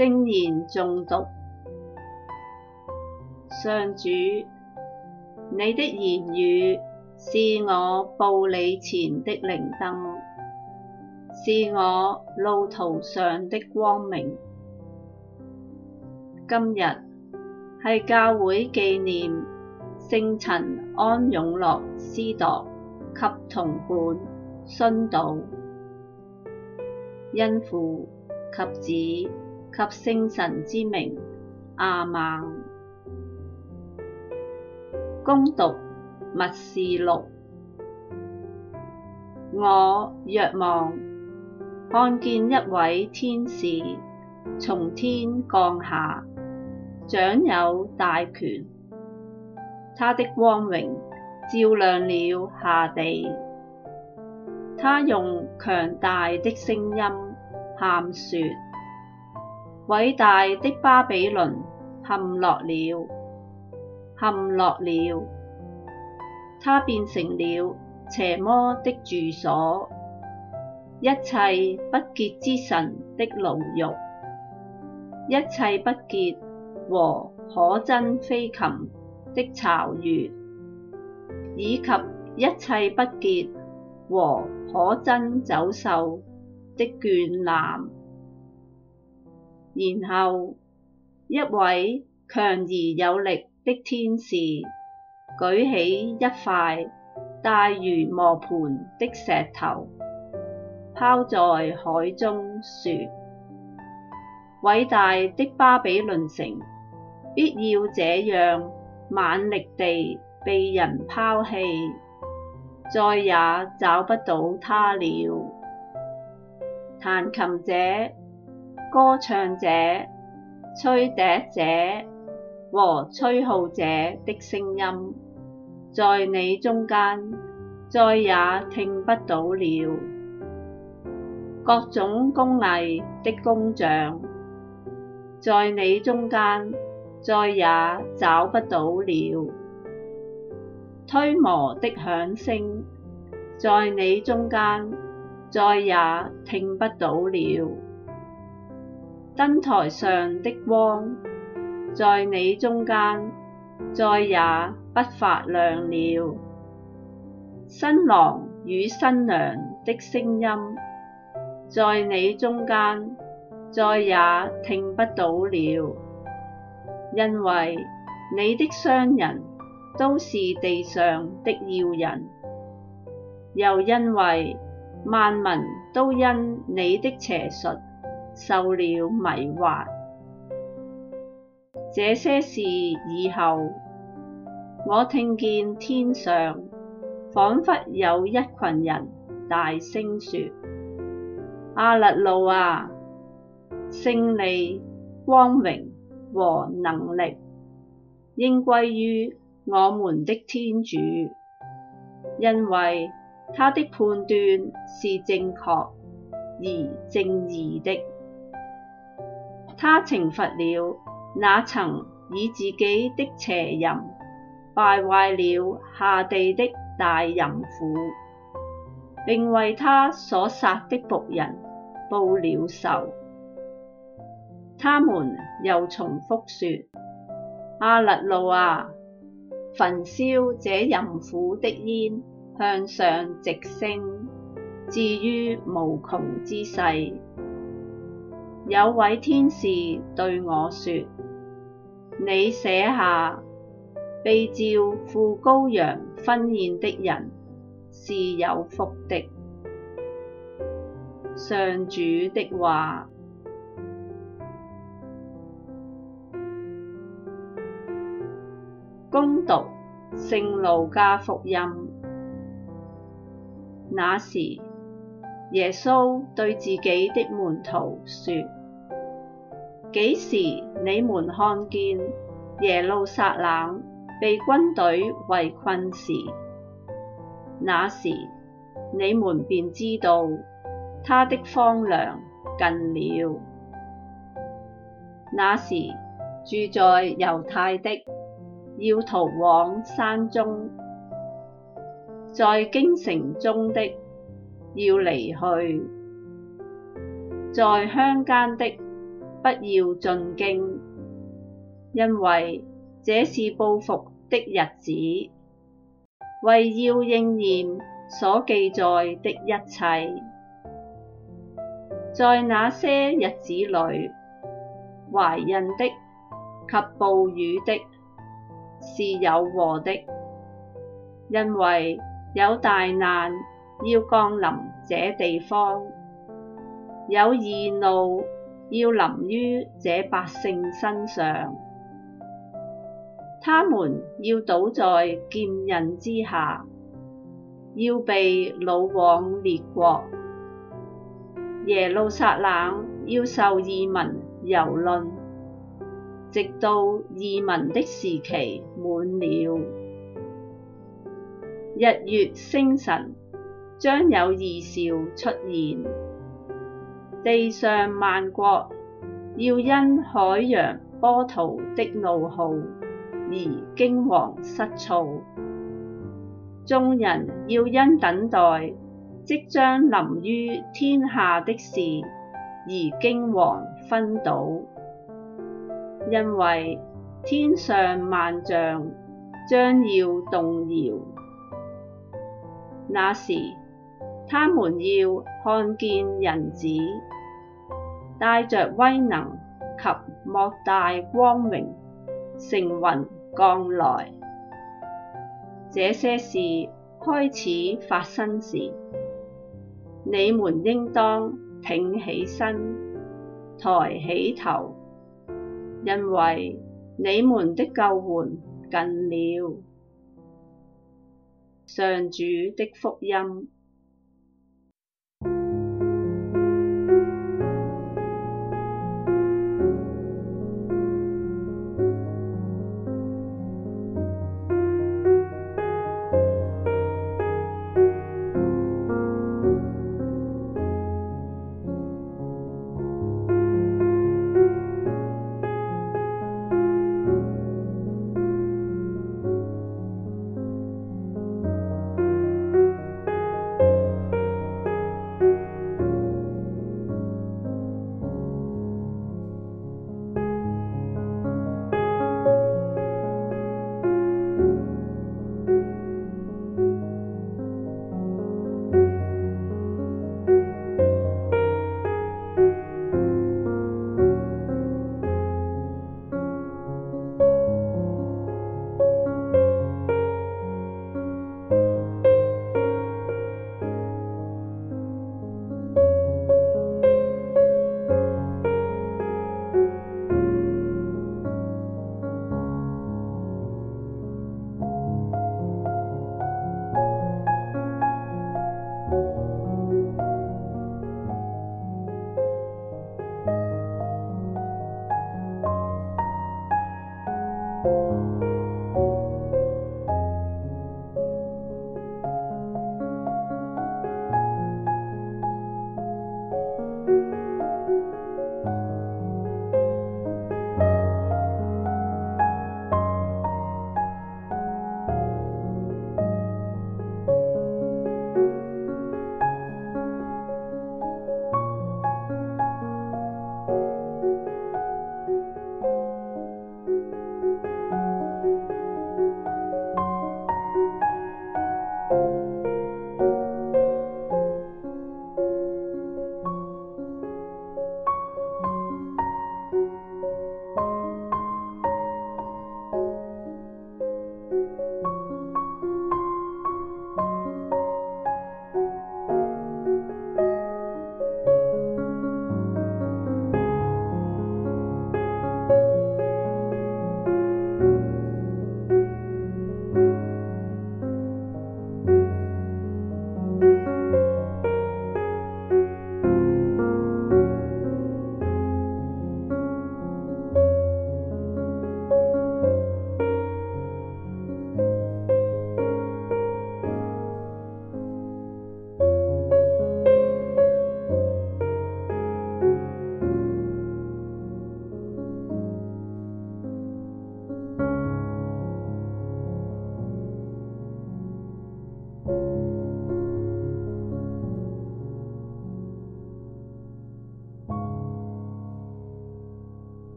聖言誦讀，上主，你的言語是我步你前的靈燈，是我路途上的光明。今日係教會紀念聖陳安勇樂司鐸及同伴殉道，因父及子。及聖神之名，亞孟，恭讀《默示錄》，我若望看見一位天使從天降下，掌有大權，他的光榮照亮了下地，他用強大的聲音喊説，偉大的巴比倫陷落了，陷落了。它變成了邪魔的住所，一切不潔之神的牢獄，一切不潔和可憎飛禽的巢穴，以及一切不潔和可憎走獸的圈檻。然後，一位強而有力的天使舉起一塊大如磨盤的石頭，拋在海中，説：偉大的巴比倫城，必要這樣猛力地被人拋棄，再也找不到她了。彈琴者、歌唱者、吹笛者和吹號者的聲音，在你中間再也聽不到了。各種工藝的工匠，在你中間再也找不到了。推磨的響聲，在你中間再也聽不到了。燈台上的光，在你中間再也不發亮了。新郎與新娘的聲音，在你中間再也聽不到了。因為你的商人都是地上的要人，又因為萬民都因你的邪術。受了迷惑。這些事以後，我聽見天上仿佛有一群人大聲說：亞肋路亞！勝利、光榮和能力應歸於我們的天主，因為他的判斷是正確而正義的。他懲罰了那曾以自己的邪淫敗壞了下地的大淫婦，並為他所殺的僕人報了仇。他們又重複說：亞、亞肋路亞，焚燒這淫婦的煙向上直升，至於無窮之世。有位天使對我說：你寫下，被召赴羔羊婚宴的人，是有福的。上主的話。恭讀聖路加福音。那時，耶穌對自己的門徒說。幾時你們看見耶路撒冷被軍隊圍困時，那時你們便知道她的荒涼近了。那時住在猶太的要逃往山中，在京城中的要離去，在鄉間的，不要進京，因為這是報復的日子。為要應驗所記載的一切，在那些日子裏，懷孕的及哺乳的是有禍的，因為有大難要降臨這地方，有義怒。要臨於這百姓身上，他們要倒在劍刃之下，要被擄往列國。耶路撒冷要受異民蹂躪，直到異民的時期滿了。日月星辰將有異兆出現。地上萬國要因海洋波濤的怒號而驚惶失措，眾人要因等待即將臨於天下的事而驚惶昏倒，因為天上萬象將要動搖。那時，他們要看見人子帶着威能及莫大光榮，乘雲降來。這些事開始發生時，你們應當挺起身、抬起頭，因為你們的救援近了。上主的福音。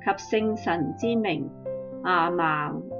及聖神之名，阿門。